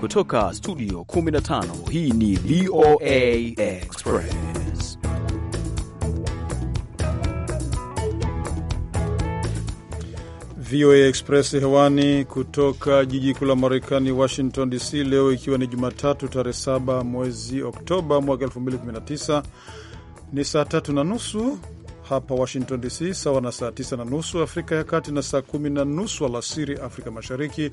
Kutoka studio 15 hii ni VOA Express. VOA Express hewani kutoka jiji kuu la Marekani, Washington DC, leo ikiwa ni Jumatatu tarehe 7 mwezi Oktoba mwaka 2019 ni saa tatu na nusu hapa Washington DC, sawa na saa tisa na nusu Afrika ya Kati na saa kumi na nusu alasiri Afrika Mashariki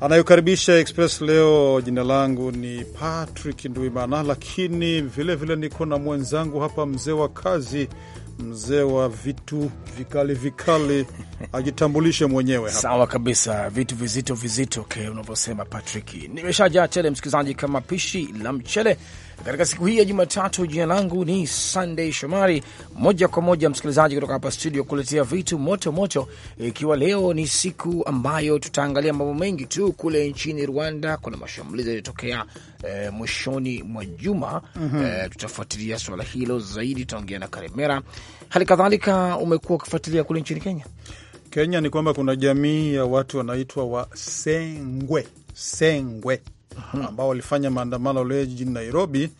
anayokaribisha Express leo. Jina langu ni Patrick Ndwimana, lakini vilevile niko na mwenzangu hapa, mzee wa kazi, mzee wa vitu vikali vikali, ajitambulishe mwenyewe hapa. Sawa kabisa, vitu vizito vizito, okay, unavyosema Patrick. Nimeshajaa tele msikilizaji, kama pishi la mchele katika siku hii ya Jumatatu. Jina langu ni Sunday Shomari, moja kwa moja msikilizaji kutoka hapa studio kuletea vitu moto moto, ikiwa leo ni siku ambayo tutaangalia mambo mengi tu. Kule nchini Rwanda kuna mashambulizi yaliyotokea e, mwishoni mwa juma mm -hmm. E, tutafuatilia swala hilo zaidi, tutaongea na Karemera. Hali kadhalika umekuwa ukifuatilia kule nchini Kenya. Kenya ni kwamba kuna jamii ya watu wanaitwa Wasengwe, Sengwe Uh-huh. ambao walifanya maandamano leo jijini Nairobi.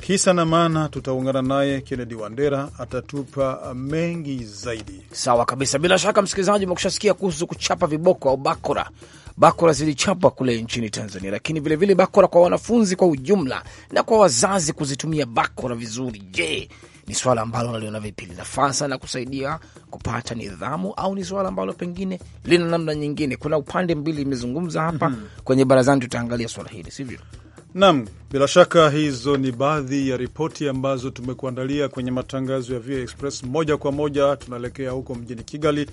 Kisa na maana, tutaungana naye Kennedy Wandera, atatupa mengi zaidi. Sawa kabisa, bila shaka msikilizaji umekushasikia kuhusu kuchapa viboko au bakora. Bakora zilichapa kule nchini Tanzania, lakini vilevile vile bakora kwa wanafunzi kwa ujumla na kwa wazazi kuzitumia bakora vizuri. Je, ni swala ambalo unaliona vipi, lina sana kusaidia kupata nidhamu, au ni swala ambalo pengine lina namna nyingine? Kuna upande mbili imezungumza hapa mm -hmm. Kwenye barazani tutaangalia swala hili, sivyo? Naam, bila shaka hizo ni baadhi ya ripoti ambazo tumekuandalia kwenye matangazo ya VOA Express moja kwa moja. Tunaelekea huko mjini Kigali,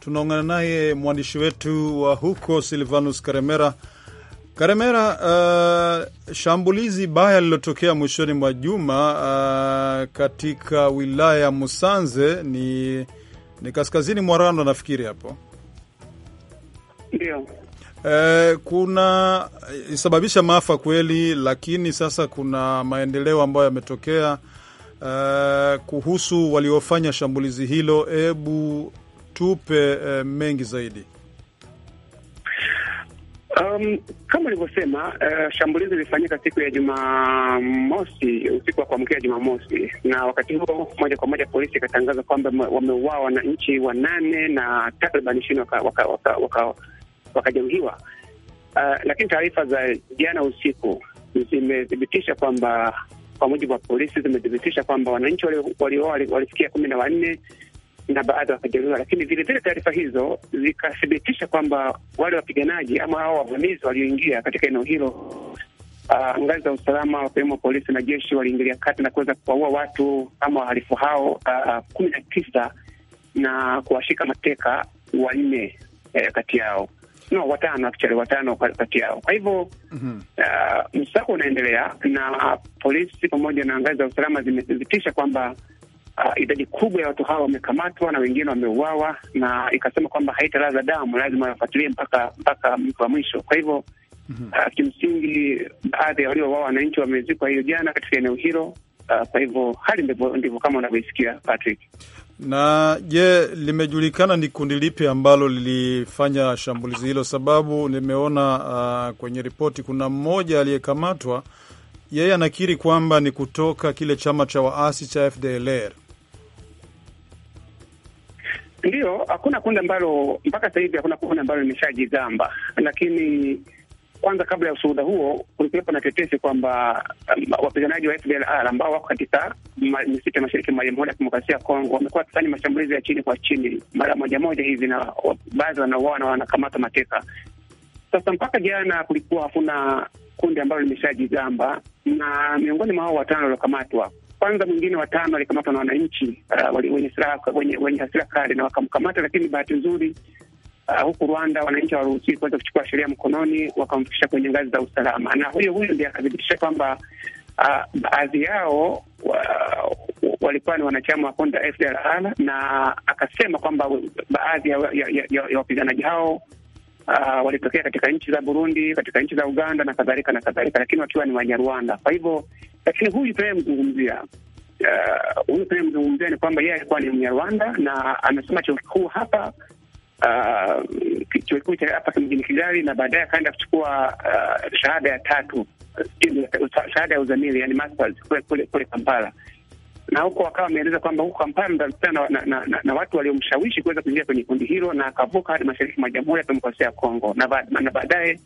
tunaungana naye mwandishi wetu wa huko Silvanus Karemera Karemera, uh, shambulizi baya lililotokea mwishoni mwa juma uh, katika wilaya ya Musanze ni, ni kaskazini mwa Rwanda nafikiri hapo ndio. Eh, kuna isababisha maafa kweli, lakini sasa kuna maendeleo ambayo yametokea uh, kuhusu waliofanya shambulizi hilo. Hebu tupe uh, mengi zaidi. Um, kama nilivyosema, uh, shambulizi lilifanyika siku ya Jumamosi, usiku wa kuamkia Jumamosi, na wakati huo moja kwa moja polisi ikatangaza kwamba wameuawa wananchi wanane na takriban ishirini wakajeruhiwa waka, waka, waka, waka uh, lakini taarifa za jana usiku zimethibitisha kwamba, kwa mujibu wa polisi, zimethibitisha kwamba wananchi walioa walifikia kumi na wanne na baadhi wakajeruhiwa, lakini vilevile taarifa hizo zikathibitisha kwamba wale wapiganaji ama hao wavamizi walioingia katika eneo hilo Uh, ngazi za usalama wakiwemo polisi na jeshi waliingilia kati na kuweza kuwaua watu ama wahalifu hao uh, kumi na tisa na kuwashika mateka wanne eh, kati yao no watano actually watano kati yao. Kwa hivyo mm -hmm. uh, msako unaendelea na uh, polisi pamoja na ngazi za usalama zimethibitisha kwamba uh, idadi kubwa ya watu hawa wamekamatwa na wengine wameuawa, na ikasema kwamba haitalaza damu, lazima wafuatilie mpaka mpaka mtu wa mwisho. Kwa hivyo mm -hmm. uh, kimsingi baadhi ya waliouawa wananchi wamezikwa hiyo jana katika eneo hilo. Uh, kwa hivyo hali ndivyo kama unavyosikia Patrick. Na je, limejulikana ni kundi lipi ambalo lilifanya shambulizi hilo? Sababu nimeona uh, kwenye ripoti kuna mmoja aliyekamatwa, yeye anakiri kwamba ni kutoka kile chama cha waasi cha FDLR ndio hakuna kundi ambalo mpaka sasa hivi hakuna kundi ambalo limeshajigamba, lakini kwanza kabla ya usuhuda huo kulikuwepo na tetesi kwamba um, wapiganaji wa FDLR ambao wako katika misitu ya mashariki mwa Jamhuri ya Kidemokrasia ya Kongo wamekuwa wakifanya mashambulizi ya chini kwa chini mara moja moja hivi, na baadhi wanauawa na wanakamata mateka. Sasa mpaka jana kulikuwa hakuna kundi ambalo limeshajigamba, na miongoni mwa hao watano waliokamatwa kwanza mwingine watano walikamatwa na wananchi uh, wenye silaha wenye, wenye hasira kali na wakamkamata, lakini bahati nzuri uh, huku Rwanda wananchi hawaruhusiwi kuweza kuchukua sheria mkononi, wakamfikisha kwenye ngazi za usalama, na huyo huyo ndiye akathibitisha kwamba uh, baadhi yao walikuwa ni wanachama wa kundi la FDLR na akasema kwamba baadhi ya, ya, ya, ya wapiganaji hao uh, walitokea katika nchi za Burundi, katika nchi za Uganda na kadhalika na kadhalika, lakini wakiwa ni Wanyarwanda. Kwa hivyo, lakini huyu tunayemzungumzia ah, huyu uh, tunayemzungumzia ni kwamba yeye alikuwa ni Mnyarwanda na amesoma chuo kikuu hapa uh, chuo kikuu cha hapa mjini Kigali, na baadaye akaenda kuchukua uh, shahada ya tatu, shahada ya uzamili, yani masters kule kule Kampala na huko wakawa wameeleza kwamba huko Kampala ndakutana na, na, na, na watu waliomshawishi kuweza kuingia kwenye kundi hilo, na akavuka hadi mashariki mwa Jamhuri ya Demokrasia ya Kongo na baadaye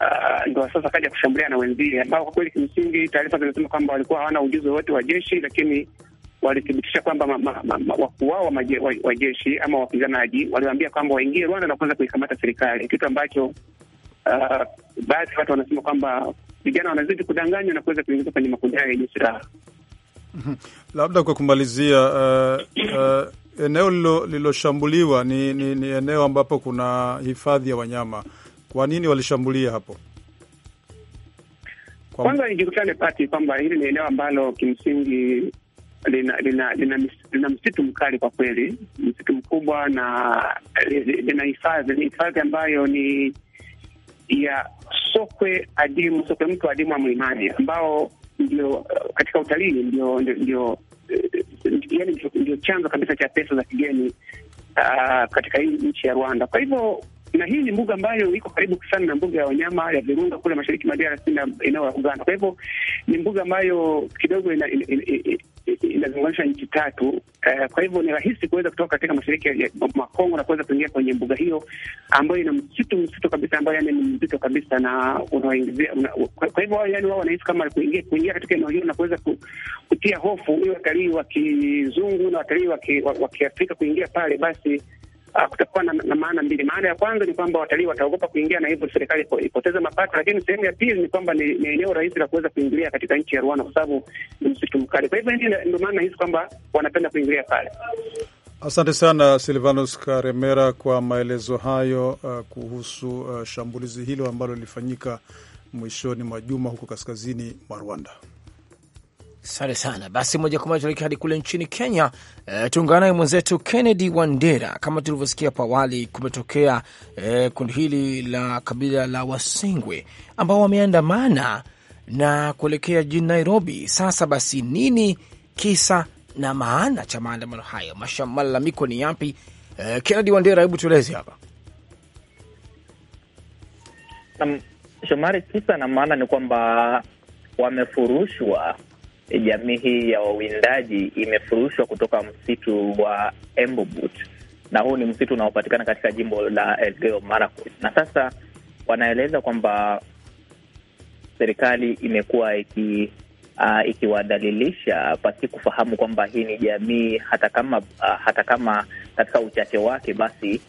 Uh, ndo sasa kaja kushambulia na wenzie ambao kwa kweli kimsingi taarifa zinasema kwamba walikuwa hawana ujuzi wowote wa jeshi, lakini walithibitisha kwamba wakuu wao wa jeshi ama wapiganaji waliwaambia kwamba waingie Rwanda na kuanza kuikamata serikali, kitu ambacho uh, baadhi ya watu wanasema kwamba vijana wanazidi kudanganywa na kuweza kuingiza kwenye makundi hayo yenye silaha. Labda kwa kumalizia, uh, uh, eneo lililoshambuliwa ni, ni, ni eneo ambapo kuna hifadhi ya wanyama. Kwa nini walishambulia hapo? Kwa kwanza nijikutane pati kwamba hili ni eneo ambalo kimsingi lina lina, lina, lina, lina msitu mkali kwa kweli, msitu mkubwa na lina hifadhi, ni hifadhi ambayo ni ya sokwe adimu, sokwe mtu adimu wa mlimani ambao ndio uh, katika utalii ndio ndio yaani ndio chanzo kabisa cha pesa za kigeni uh, katika hii nchi ya Rwanda. Kwa hivyo na hii ni mbuga ambayo iko karibu sana na mbuga ya wanyama ya Virunga kule mashariki mwa DRC na eneo la Uganda. Kwa hivyo ni mbuga ambayo kidogo ina, ina, ina, inazunganisha nchi tatu eh, kwa hivyo ni rahisi kuweza kutoka katika mashariki ya Makongo na kuweza kuingia kwenye mbuga hiyo ambayo ina msitu msitu kabisa, ambayo yani ni mzito kabisa na unaoingizia una, kwa hivyo yani wao wanahisi kama kuingia kuingia katika eneo hilo na kuweza kutia hofu hiyo watalii wa kizungu na watalii wa Kiafrika kuingia pale basi Ah, kutakuwa na, na maana mbili. Maana ya kwanza ni kwamba watalii wataogopa kuingia na hivyo serikali ipoteza mapato, lakini sehemu ya pili ni kwamba ni eneo rahisi la kuweza kuingilia katika nchi ya Rwanda kwa sababu ni msitu mkali. Kwa hivyo ndio maana nahisi kwamba wanapenda kuingilia pale. Asante sana Silvanus Karemera kwa maelezo hayo uh, kuhusu uh, shambulizi hilo ambalo lilifanyika mwishoni mwa juma huko kaskazini mwa Rwanda. Asante sana. Basi moja kwa moja hadi kule nchini Kenya. E, tuungana naye mwenzetu Kennedy Wandera. Kama tulivyosikia hapo awali, kumetokea e, kundi hili la kabila la Wasengwe ambao wameandamana na kuelekea jijini Nairobi. Sasa basi, nini kisa na maana cha maandamano hayo? Malalamiko ni yapi? E, Kennedy Wandera, hebu tueleze hapa. Shomari, kisa na maana ni kwamba wamefurushwa jamii hii ya wawindaji imefurushwa kutoka msitu wa Embobut, na huu ni msitu unaopatikana katika jimbo la Elgeyo Marakwet, na sasa wanaeleza kwamba serikali imekuwa iki uh, ikiwadhalilisha pasi kufahamu kwamba hii ni jamii, hata kama uh, hata kama katika uchache wake basi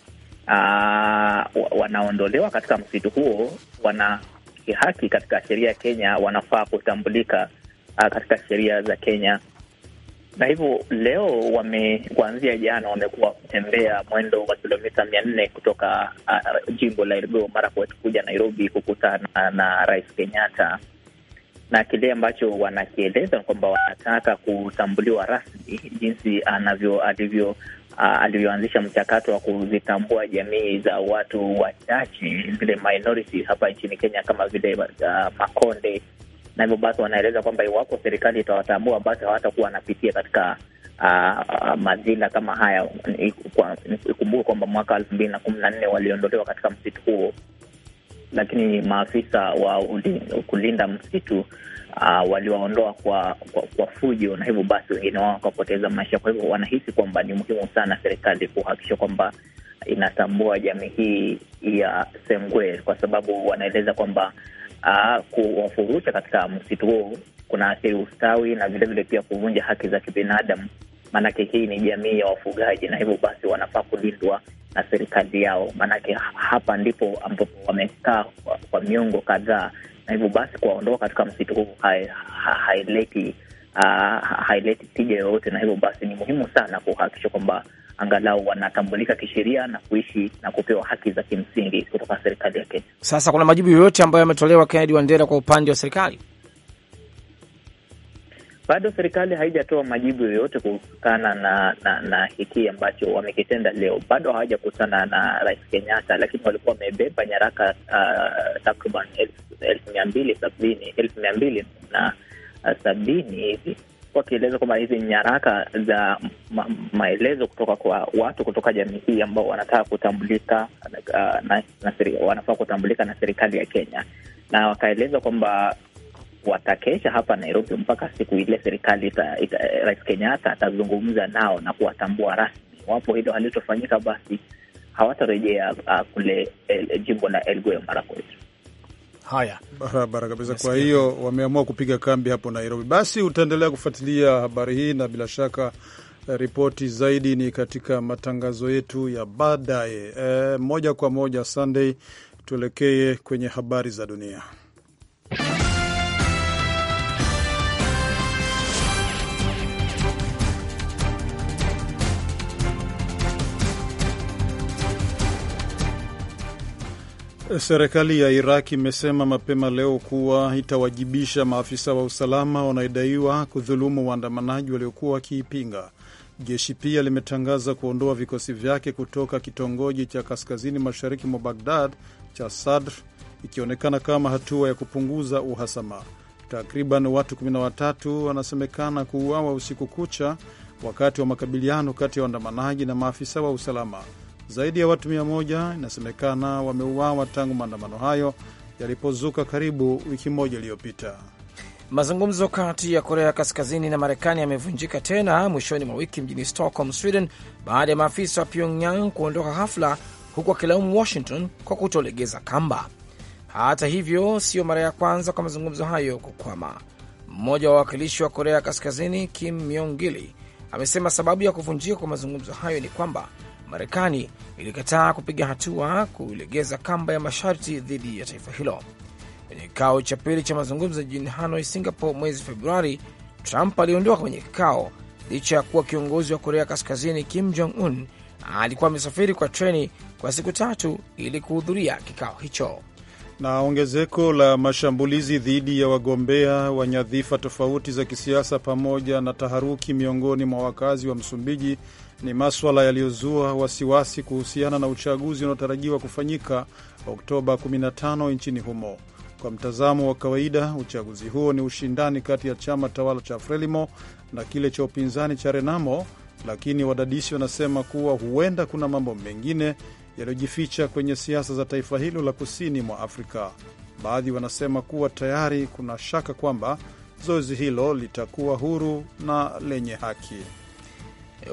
uh, wanaondolewa katika msitu huo, wana kihaki katika sheria ya Kenya, wanafaa kutambulika Uh, katika sheria za Kenya, na hivyo leo wame, kuanzia jana wamekuwa kutembea mwendo wa kilomita mia nne kutoka uh, jimbo la Elgeyo Marakwet kuja Nairobi kukutana na, na Rais Kenyatta, na kile ambacho wanakieleza ni kwamba wanataka kutambuliwa rasmi jinsi anavyo alivyo Uh, alivyoanzisha mchakato wa kuzitambua jamii za watu wachache zile minority hapa nchini Kenya kama vile uh, Makonde na hivyo basi wanaeleza kwamba iwapo serikali itawatambua basi hawatakuwa wanapitia katika uh, ah, ah, mazila kama haya. Ikumbuke kwamba mwaka elfu mbili na kumi na nne waliondolewa katika msitu huo, lakini maafisa wa kulinda msitu Uh, waliwaondoa kwa, kwa kwa fujo na hivyo basi wengine wao wakapoteza maisha. Kwa hivyo wanahisi kwamba ni muhimu sana serikali kuhakikisha kwamba inatambua jamii hii ya Sengwe, kwa sababu wanaeleza kwamba uh, kuwafurusha katika msitu huo kuna athiri ustawi na vilevile pia kuvunja haki za kibinadamu, maanake hii ni jamii ya wafugaji, na hivyo basi wanafaa kulindwa na serikali yao, maanake hapa ndipo ambapo wamekaa kwa, kwa miongo kadhaa, na hivyo basi kuwaondoka katika msitu huu haileti ah, ha, ha, tija yoyote, na hivyo basi ni muhimu sana kuhakikisha kwamba angalau wanatambulika kisheria na kuishi na kupewa haki za kimsingi kutoka serikali ya Kenya. Sasa kuna majibu yoyote ambayo yametolewa, Kennedy Wandera, kwa upande wa serikali? Bado serikali haijatoa majibu yoyote kuhusikana na, na, na hiki ambacho wamekitenda leo. Bado hawajakutana na Rais Kenyatta, lakini walikuwa wamebeba nyaraka uh, takriban elfu mia mbili sabini elfu mia mbili na uh, sabini hivi wakieleza kwamba hizi nyaraka za ma maelezo kutoka kwa watu kutoka jamii hii ambao wanataka kutambulika uh, na, na, na wanafaa kutambulika na serikali ya Kenya, na wakaeleza kwamba watakesha hapa Nairobi mpaka siku ile serikali ita, ita, Rais Kenyatta atazungumza nao na kuwatambua rasmi. Wapo hilo halitofanyika, basi hawatarejea uh, kule el, eh, jimbo la Elgeyo Marakwet. Haya, barabara kabisa. Kwa hiyo wameamua kupiga kambi hapo Nairobi. Basi utaendelea kufuatilia habari hii na bila shaka eh, ripoti zaidi ni katika matangazo yetu ya baadaye. E, moja kwa moja Sunday, tuelekee kwenye habari za dunia. Serikali ya Iraq imesema mapema leo kuwa itawajibisha maafisa wa usalama wanaodaiwa kudhulumu waandamanaji waliokuwa wakiipinga. Jeshi pia limetangaza kuondoa vikosi vyake kutoka kitongoji cha kaskazini mashariki mwa Bagdad cha Sadr, ikionekana kama hatua ya kupunguza uhasama. Takriban watu 13 wanasemekana kuuawa usiku kucha wakati wa makabiliano kati ya waandamanaji na maafisa wa usalama. Zaidi ya watu mia moja inasemekana wameuawa tangu maandamano hayo yalipozuka karibu wiki moja iliyopita. Mazungumzo kati ya Korea Kaskazini na Marekani yamevunjika tena mwishoni mwa wiki mjini Stockholm, Sweden, baada ya maafisa wa Pyongyang kuondoka hafla huku akilaumu Washington kwa kutolegeza kamba. Hata hivyo, siyo mara ya kwanza kwa mazungumzo hayo kukwama. Mmoja wa wawakilishi wa Korea Kaskazini Kim Myong Gili amesema sababu ya kuvunjika kwa mazungumzo hayo ni kwamba Marekani ilikataa kupiga hatua kulegeza kamba ya masharti dhidi ya taifa hilo. Kwenye kikao cha pili cha mazungumzo jijini Hanoi, Singapore, mwezi Februari, Trump aliondoka kwenye kikao licha ya kuwa kiongozi wa Korea Kaskazini Kim Jong Un alikuwa amesafiri kwa treni kwa siku tatu ili kuhudhuria kikao hicho. Na ongezeko la mashambulizi dhidi ya wagombea wa nyadhifa tofauti za kisiasa pamoja na taharuki miongoni mwa wakazi wa Msumbiji ni maswala yaliyozua wasiwasi kuhusiana na uchaguzi unaotarajiwa kufanyika Oktoba 15 nchini humo. Kwa mtazamo wa kawaida, uchaguzi huo ni ushindani kati ya chama tawala cha Frelimo na kile cha upinzani cha Renamo, lakini wadadisi wanasema kuwa huenda kuna mambo mengine yaliyojificha kwenye siasa za taifa hilo la kusini mwa Afrika. Baadhi wanasema kuwa tayari kuna shaka kwamba zoezi hilo litakuwa huru na lenye haki.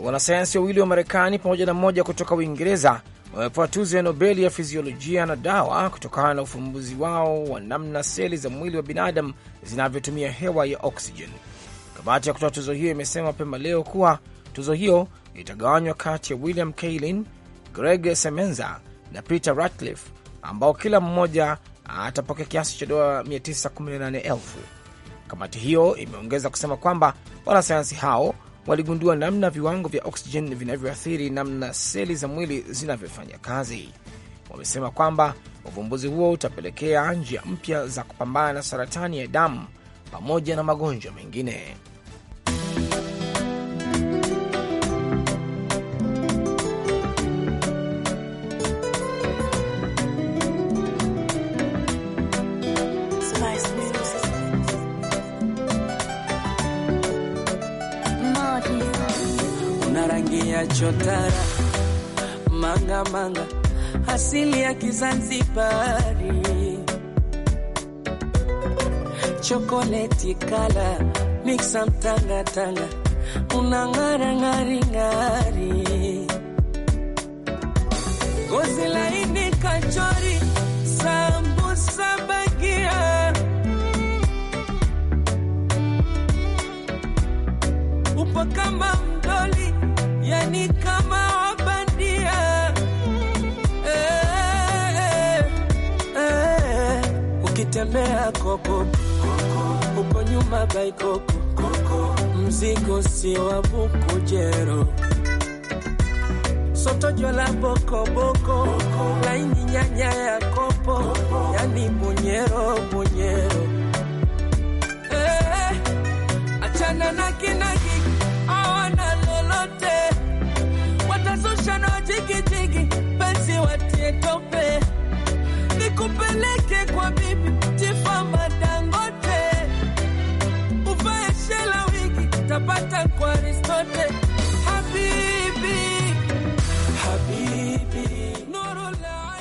Wanasayansi wawili wa Marekani pamoja na mmoja kutoka Uingereza wamepewa tuzo ya Nobeli ya fiziolojia na dawa kutokana na ufumbuzi wao wa namna seli za mwili wa binadamu zinavyotumia hewa ya oksijeni. Kamati ya kutoa tuzo hiyo imesema mapema leo kuwa tuzo hiyo itagawanywa kati ya William Kaelin, Greg Semenza na Peter Ratcliffe ambao kila mmoja atapokea kiasi cha dola 918,000. Kamati hiyo imeongeza kusema kwamba wanasayansi hao waligundua namna viwango vya oksijeni vinavyoathiri namna seli za mwili zinavyofanya kazi. Wamesema kwamba uvumbuzi huo utapelekea njia mpya za kupambana na saratani ya damu pamoja na magonjwa mengine. chotara manga manga, asili ya Kizanzibari, chokoleti kala miksa mtangatanga, unang'ara ng'ari, gozi laini kachori, sambusa bagia upo kama ukitembea koko huko nyuma baikoko, mzigo si wa bukujero sotojo la bokoboko laini nyanya ya kopo yani bunyero bunyero eh, achana na kinagi awana lolote watasushana jigijigi basi watie tope nikupeleke kwa bi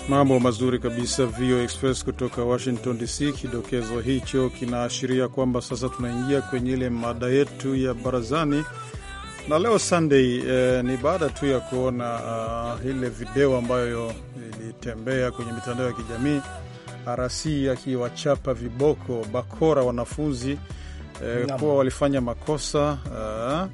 Mambo mazuri kabisa, VO Express kutoka Washington DC. Kidokezo hicho kinaashiria kwamba sasa tunaingia kwenye ile mada yetu ya barazani, na leo Sunday eh, ni baada tu ya kuona uh, ile video ambayo ilitembea kwenye mitandao ya kijamii RC akiwachapa viboko bakora wanafunzi eh, kuwa walifanya makosa uh,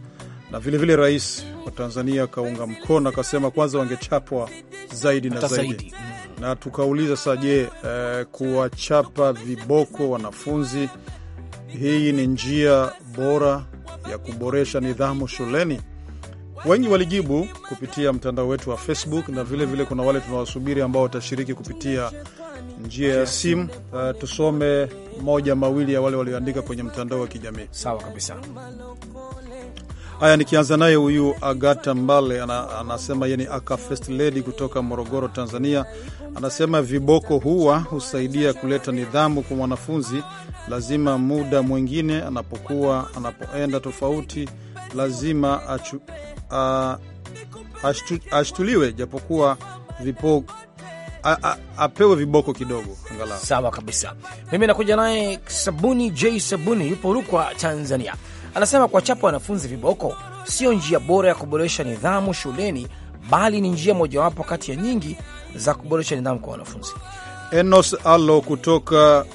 na vilevile vile rais wa Tanzania akaunga mkono akasema kwanza wangechapwa zaidi na zaidi, zaidi. Mm. Na tukauliza sasa, je, eh, kuwachapa viboko wanafunzi hii ni njia bora ya kuboresha nidhamu shuleni? Wengi walijibu kupitia mtandao wetu wa Facebook na vilevile vile kuna wale tunawasubiri ambao watashiriki kupitia njia ya simu. Uh, tusome moja mawili ya wale walioandika kwenye mtandao wa kijamii. Sawa kabisa. Haya, nikianza naye huyu Agata Mbale ana, anasema yeye ni aka first lady kutoka Morogoro, Tanzania. Anasema viboko huwa husaidia kuleta nidhamu kwa mwanafunzi, lazima muda mwingine anapokuwa anapoenda tofauti, lazima achu, a, ashtu, ashtuliwe japokuwa vipo A, a, apewe viboko kidogo angalau. Sawa kabisa. Mimi nakuja naye Sabuni J Sabuni, yupo Rukwa, Tanzania. Anasema kuwachapa wanafunzi viboko sio njia bora ya kuboresha nidhamu shuleni, bali ni njia mojawapo kati ya nyingi za kuboresha nidhamu kwa wanafunzi. Enos alo kutoka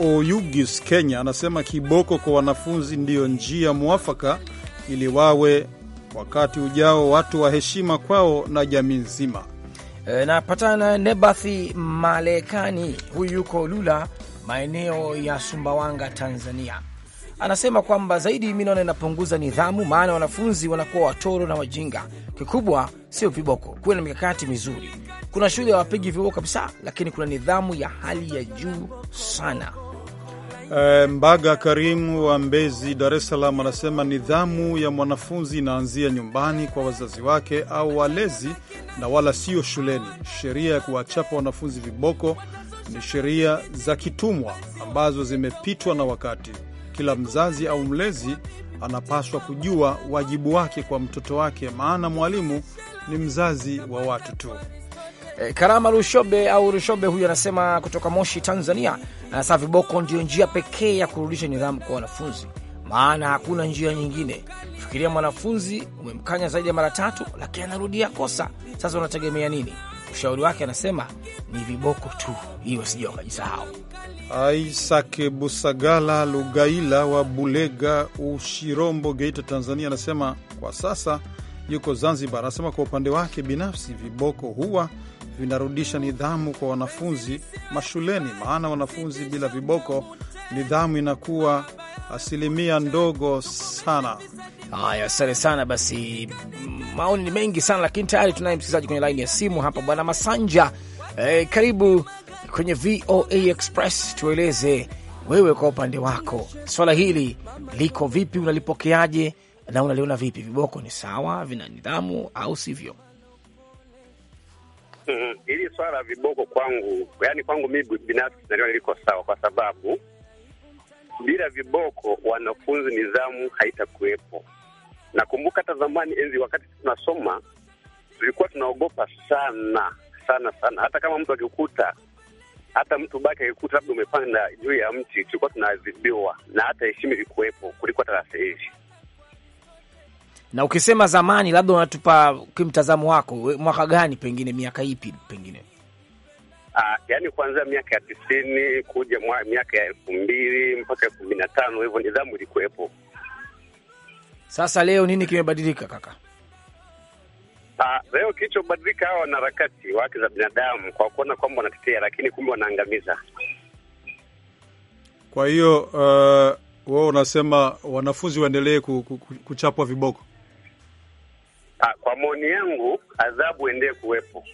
uh, Oyugis, Kenya, anasema kiboko kwa wanafunzi ndiyo njia mwafaka ili wawe wakati ujao watu wa heshima kwao na jamii nzima. E, napatana na Nebathi Malekani, huyu yuko Lula, maeneo ya Sumbawanga, Tanzania anasema kwamba zaidi mi naona inapunguza nidhamu, maana wanafunzi wanakuwa watoro na wajinga. Kikubwa sio viboko, kuwe na mikakati mizuri. Kuna shule hawapigi viboko kabisa, lakini kuna nidhamu ya hali ya juu sana. E, Mbaga Karimu wa Mbezi, Dar es Salaam anasema nidhamu ya mwanafunzi inaanzia nyumbani kwa wazazi wake au walezi, na wala sio shuleni. Sheria ya kuwachapa wanafunzi viboko ni sheria za kitumwa ambazo zimepitwa na wakati. Kila mzazi au mlezi anapaswa kujua wajibu wake kwa mtoto wake, maana mwalimu ni mzazi wa watu tu. E, Karama Rushobe au Rushobe huyu anasema kutoka Moshi, Tanzania, anasema viboko ndio njia pekee ya kurudisha nidhamu kwa wanafunzi, maana hakuna njia nyingine. Fikiria, mwanafunzi umemkanya zaidi ya mara tatu, lakini anarudia kosa. Sasa unategemea nini? Ushauri wake anasema ni viboko tu, hiyo sija wakajisahau. Isaac Busagala Lugaila wa Bulega Ushirombo, Geita, Tanzania, anasema kwa sasa yuko Zanzibar. Anasema kwa upande wake binafsi, viboko huwa vinarudisha nidhamu kwa wanafunzi mashuleni, maana wanafunzi bila viboko nidhamu inakuwa asilimia ndogo sana. Haya, asante sana. Basi maoni ni mengi sana, lakini tayari tunaye msikilizaji kwenye laini ya simu hapa, Bwana Masanja. Eh, karibu kwenye VOA Express, tueleze wewe kwa upande wako swala hili liko vipi, unalipokeaje na unaliona vipi? Viboko ni sawa, vina nidhamu au sivyo? Mm, hili swala viboko kwangu, yani kwangu mi binafsi naliona liko sawa kwa sababu bila viboko wanafunzi, nidhamu haitakuwepo. Nakumbuka hata zamani, enzi wakati tunasoma, tulikuwa tunaogopa sana sana sana, hata kama mtu akikuta hata mtu baki akikuta labda umepanda juu ya mti, tulikuwa tunaadhibiwa na hata heshima ilikuwepo kuliko hata sasa hivi. Na ukisema zamani, labda unatupa kimtazamo wako mwaka gani, pengine miaka ipi, pengine Uh, yaani kuanzia miaka ya tisini kuja miaka ya elfu mbili mpaka elfu mbili na tano hivyo nidhamu ilikuwepo. Sasa leo nini kimebadilika kaka? Uh, leo kilichobadilika hawa wanaharakati wa haki za binadamu kwa kuona kwamba wanatetea, lakini kumbe wanaangamiza. Kwa hiyo uh, eh, wao unasema wanafunzi waendelee kuchapwa viboko? Uh, kwa maoni yangu adhabu endee kuwepo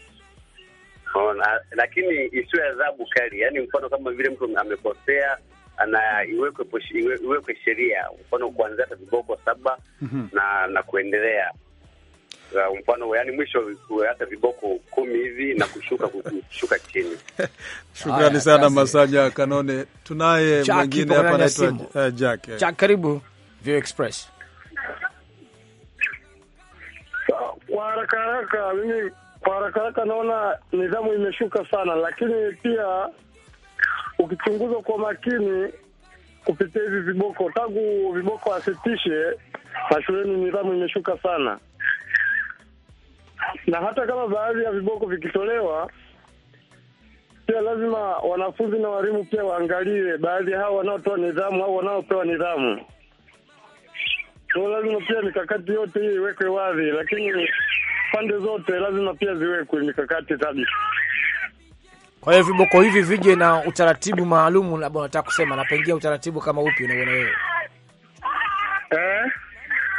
Ona, lakini isiwe adhabu kali, yaani mfano kama vile mtu amekosea ana iwekwe iwe, iwekwe sheria, mfano kuanzia hata viboko saba mm -hmm. na na kuendelea mfano yani mwisho hata viboko kumi hivi na kushuka kushuka chini. Shukrani sana masanya Kanone. Tunaye mwingine hapa anaitwa Jack. Eh, Jack, karibu View Express. Kwa haraka haraka mimi kwa haraka haraka, naona nidhamu imeshuka sana, lakini pia ukichunguzwa kwa makini kupitia hivi viboko, tangu viboko asitishe mashuleni, nidhamu imeshuka sana, na hata kama baadhi ya viboko vikitolewa pia lazima wanafunzi na walimu pia waangalie baadhi ya hao wanaotoa nidhamu au wanaopewa nidhamu. So lazima pia mikakati yote hii iwekwe wazi, lakini pande zote lazima pia ziwekwe mikakati thabiti. Kwa hiyo viboko hivi vije na utaratibu maalumu, labda unataka kusema, na pengine utaratibu kama upi unaona wewe? Eh,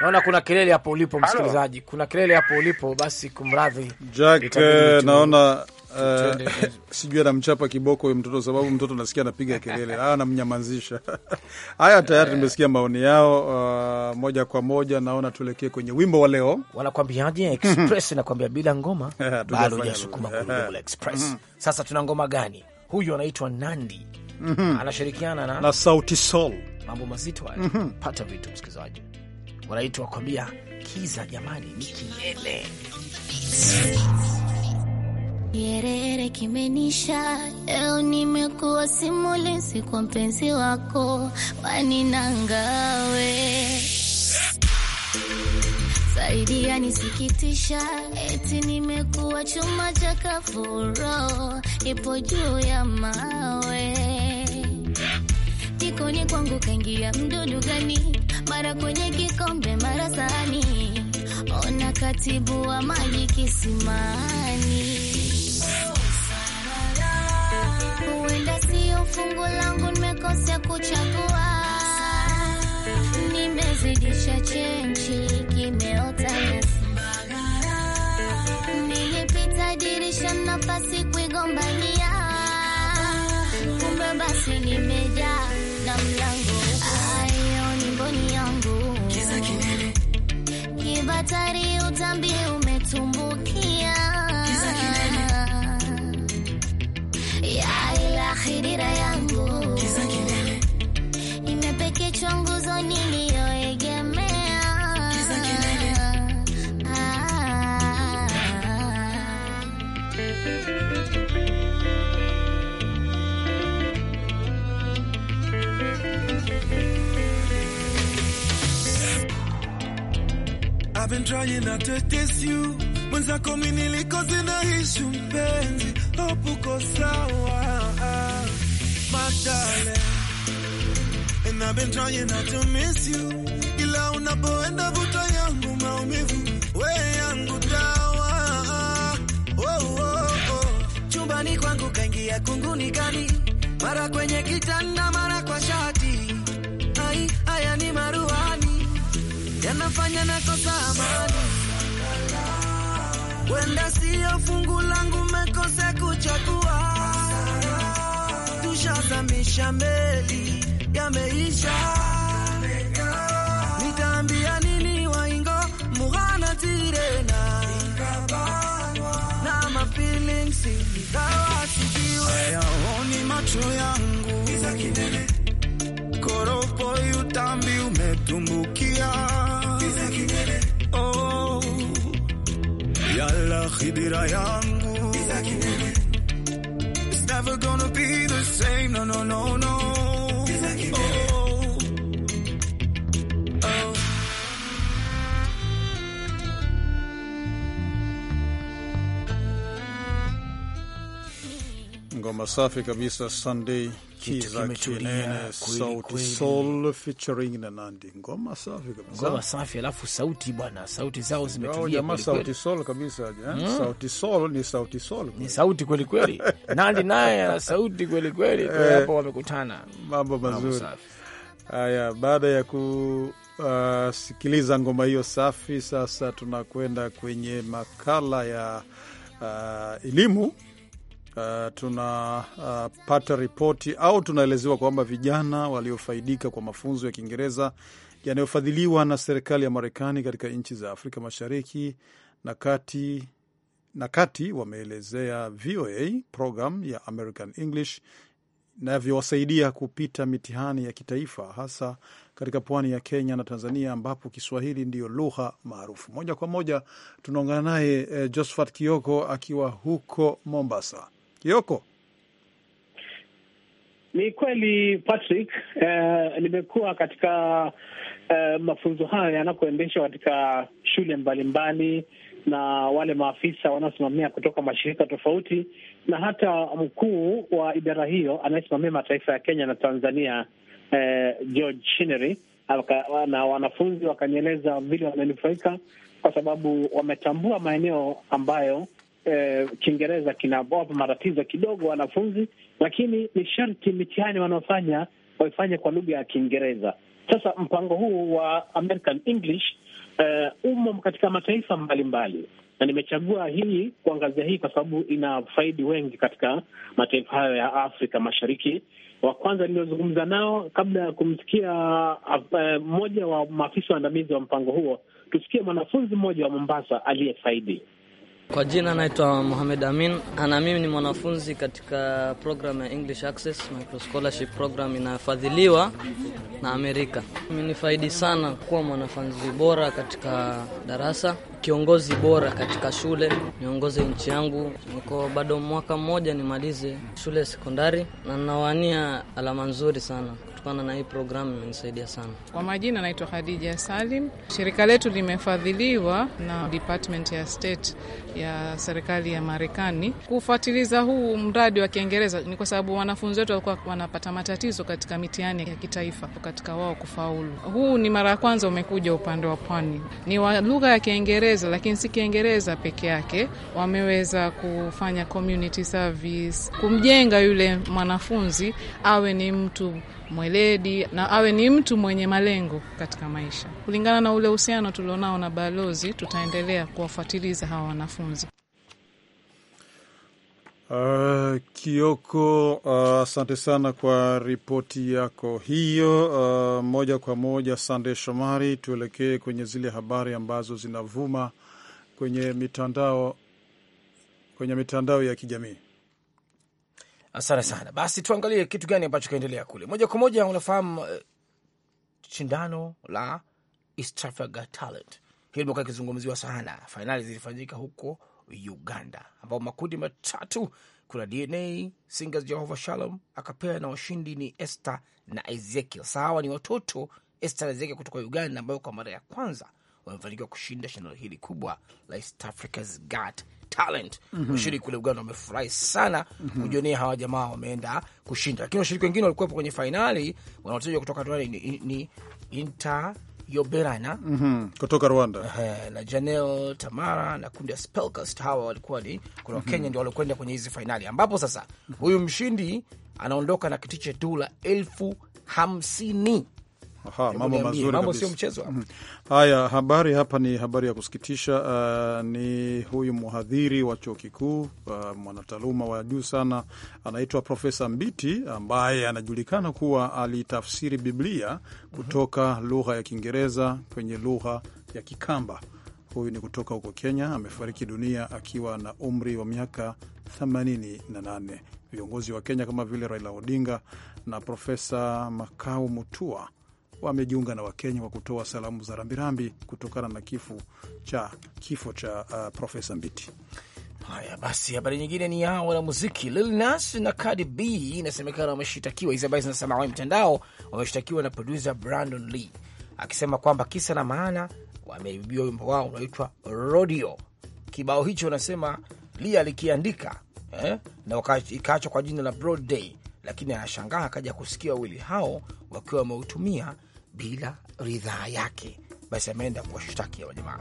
naona kuna kelele hapo ulipo msikilizaji, kuna kelele hapo ulipo. Basi kumradhi Jack, eh, naona Eh, sijui anamchapa kiboko huyo mtoto sababu mtoto nasikia anapiga kelele ah, anamnyamazisha. Haya, tayari tumesikia eh. maoni yao. Uh, moja kwa moja naona tuelekee kwenye wimbo wa leo. Wanakwambiaje express nakwambia bila ngoma bado hujasukuma gurudumu express. Mm-hmm. Sasa tuna ngoma gani? Huyu anaitwa Nandi mm-hmm. anashirikiana na na Sauti Sol. Mambo mazito haya, mm-hmm. pata vitu msikilizaji, wanaitwa kwambia kiza jamani, ni kilele Kierere kimenisha leo, nimekuwa simulizi kwa mpenzi wako wani nangawe saidia nisikitisha, eti nimekuwa chuma cha kafuro, ipo juu ya mawe jikoni kwangu kaingia mdudu gani? Mara kwenye kikombe, mara sahani, ona katibu wa maji kisimani huenda sio fungu langu, nimekosea kuchagua, nimezidisha chenchi, kimeota nilipita dirisha, nafasi kuigombania, kumbe basi nimejaa na mlango ayo, nimboni yangu kibatari utambi ndicho ah. Mwenzako mimi niliko zinaishi mpenzi, hope sawa. Ah. Madale. And I've been trying not to miss you. Ila unapoenda vuta yangu maumivu, we yangu dawa. Oh, oh, oh. Chumbani kwangu kaingia kunguni gani, mara kwenye kitanda, mara kwa shati. Ai, haya ni maruhani yanafanya nakosa amani, wenda siyo fungu langu, mekose kuchagua, tushazamisha meli yameisha, nitaambia nini waingo mugana tirena na mafeeling siyaoni macho yangu koropo yutambi umetumbukia oh, yala khidira yangu It's never gonna be the same, no, no, no, no. Ngoma safi kabisa Sunday kitu kimetulia featuring na Nandi, ngoma safi kabisa, ngoma safi alafu sauti bwana, sauti zao zimetulia sauti soul kabisa. Eh? Hmm? Sauti soul ni sauti soul, ni sauti kweli kweli. Nandi naye ana sauti kweli kweli, kwa eh, hapo wamekutana, mambo mazuri haya. Baada ya kusikiliza uh, ngoma hiyo safi, sasa tunakwenda kwenye makala ya uh, elimu Uh, eh, tunapata eh, uh, ripoti au tunaelezewa kwamba vijana waliofaidika kwa mafunzo ya Kiingereza yanayofadhiliwa na serikali ya Marekani katika nchi za Afrika Mashariki na kati na kati wameelezea VOA program ya American English inavyowasaidia kupita mitihani ya kitaifa hasa katika pwani ya Kenya na Tanzania ambapo Kiswahili ndiyo lugha maarufu. Moja kwa moja tunaungana naye eh, Josephat Kioko akiwa huko Mombasa. Kioko. Ni kweli Patrick, eh, nimekuwa katika eh, mafunzo haya yanakoendeshwa katika shule mbalimbali na wale maafisa wanaosimamia kutoka mashirika tofauti na hata mkuu wa idara hiyo anayesimamia mataifa ya Kenya na Tanzania eh, George Shinery na wanafunzi wakanieleza vile wamenufaika kwa sababu wametambua maeneo ambayo eh, Kiingereza kinawapa matatizo kidogo wanafunzi, lakini ni sharti mitihani wanaofanya waifanye kwa lugha ya Kiingereza. Sasa mpango huu wa American English eh, umo katika mataifa mbalimbali mbali. Na nimechagua hii kuangazia hii kwa sababu ina faidi wengi katika mataifa hayo ya Afrika Mashariki. Wa kwanza niliozungumza nao kabla ya kumsikia eh, mmoja uh, wa maafisa waandamizi wa mpango huo, tusikie mwanafunzi mmoja wa Mombasa aliyefaidi. Kwa jina naitwa Mohamed Amin ana, mimi ni mwanafunzi katika program ya English Access Micro Scholarship program inayofadhiliwa na Amerika. Imenifaidi sana kuwa mwanafunzi bora katika darasa, kiongozi bora katika shule, niongoze nchi yangu. Niko bado mwaka mmoja nimalize shule ya sekondari, na ninawania alama nzuri sana kutokana na hii programu imenisaidia sana. Kwa majina, naitwa Khadija Salim. Shirika letu limefadhiliwa na Department ya State ya serikali ya Marekani kufuatiliza huu mradi wa Kiingereza, ni kwa sababu wanafunzi wetu walikuwa wanapata matatizo katika mitihani ya kitaifa katika wao kufaulu. Huu ni mara ya kwanza umekuja upande wa pwani, ni wa lugha ya Kiingereza, lakini si Kiingereza peke yake, wameweza kufanya community service, kumjenga yule mwanafunzi awe ni mtu mweledi na awe ni mtu mwenye malengo katika maisha. Kulingana na ule uhusiano tulionao na balozi, tutaendelea kuwafuatiliza hawa wanafunzi. Uh, Kioko, ah, asante uh, sana kwa ripoti yako hiyo. Uh, moja kwa moja, Sande Shomari, tuelekee kwenye zile habari ambazo zinavuma kwenye mitandao, kwenye mitandao ya kijamii. Asante sana. Basi tuangalie kitu gani ambacho kaendelea kule moja kwa moja. Unafahamu uh, shindano la East Africa Talent hili limekuwa ikizungumziwa sana. Fainali zilifanyika huko Uganda, ambao makundi matatu kuna DNA Singers, Jehovah Shalom, akapea na washindi ni Esther na Ezekiel. Sawa, ni watoto Esther na Ezekiel kutoka Uganda, ambayo kwa mara ya kwanza wamefanikiwa kushinda shindano hili kubwa la East Africa's Got Talent mm -hmm. Washiriki kule Uganda wamefurahi sana mm -hmm. kujionea hawa jamaa wameenda kushinda, lakini washiriki wengine walikuwepo kwenye fainali wanaotajwa kutoka Rwanda ni, ni, ni Inter Yoberana mm -hmm. kutoka Rwanda uh, na Janel Tamara na kundi ya Spelcast. Hawa walikuwa ni kutoka mm -hmm. Kenya, ndio waliokwenda kwenye hizi fainali, ambapo sasa mm -hmm. huyu mshindi anaondoka na kiti cha dola elfu hamsini Aha, mambo mazuri, mambo sio mchezo. Haya, habari hapa ni habari ya kusikitisha. Uh, ni huyu mhadhiri wa chuo kikuu uh, mwanataaluma wa juu sana anaitwa Profesa Mbiti ambaye anajulikana kuwa alitafsiri Biblia kutoka lugha ya Kiingereza kwenye lugha ya Kikamba. Huyu ni kutoka huko Kenya, amefariki dunia akiwa na umri wa miaka 88. Viongozi wa Kenya kama vile Raila Odinga na Profesa Makau Mutua wamejiunga na Wakenya kwa kutoa salamu za rambirambi kutokana na kifo cha, kifo cha uh, Profesa Mbiti. Haya basi, habari nyingine ni ya wanamuziki Lil Nas na Cardi B. Inasemekana wameshitakiwa, hizi habari zinasema kwenye mtandao, wameshitakiwa na producer Brandon Lee akisema kwamba kisa na maana wameibiwa wimbo wao unaoitwa Rodeo. Kibao hicho unasema Lee alikiandika eh, na ikaachwa kwa jina la Broad Day, lakini anashangaa akaja kusikia wawili hao wakiwa wameutumia bila ridhaa yake, basi ameenda kuwashtaki hao jamaa.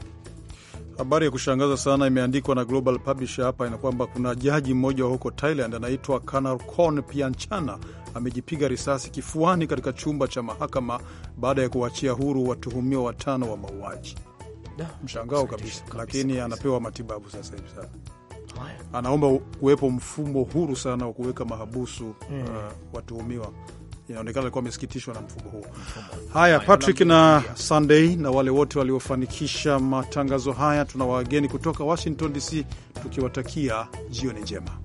Habari ya kushangaza sana imeandikwa na Global Publisher hapa, ina kwamba kuna jaji mmoja wa huko Thailand anaitwa Kanarkon Pianchana amejipiga risasi kifuani katika chumba cha mahakama baada ya kuwachia huru watuhumiwa watano wa mauaji. Mshangao kabisa, lakini anapewa matibabu sasa hivi sana. Anaomba kuwepo mfumo huru sana wa kuweka mahabusu mm, uh, watuhumiwa inaonekana alikuwa amesikitishwa na mfumo huo. Haya, Patrick na Sunday na wale wote waliofanikisha matangazo haya, tuna wageni kutoka Washington DC tukiwatakia jioni njema.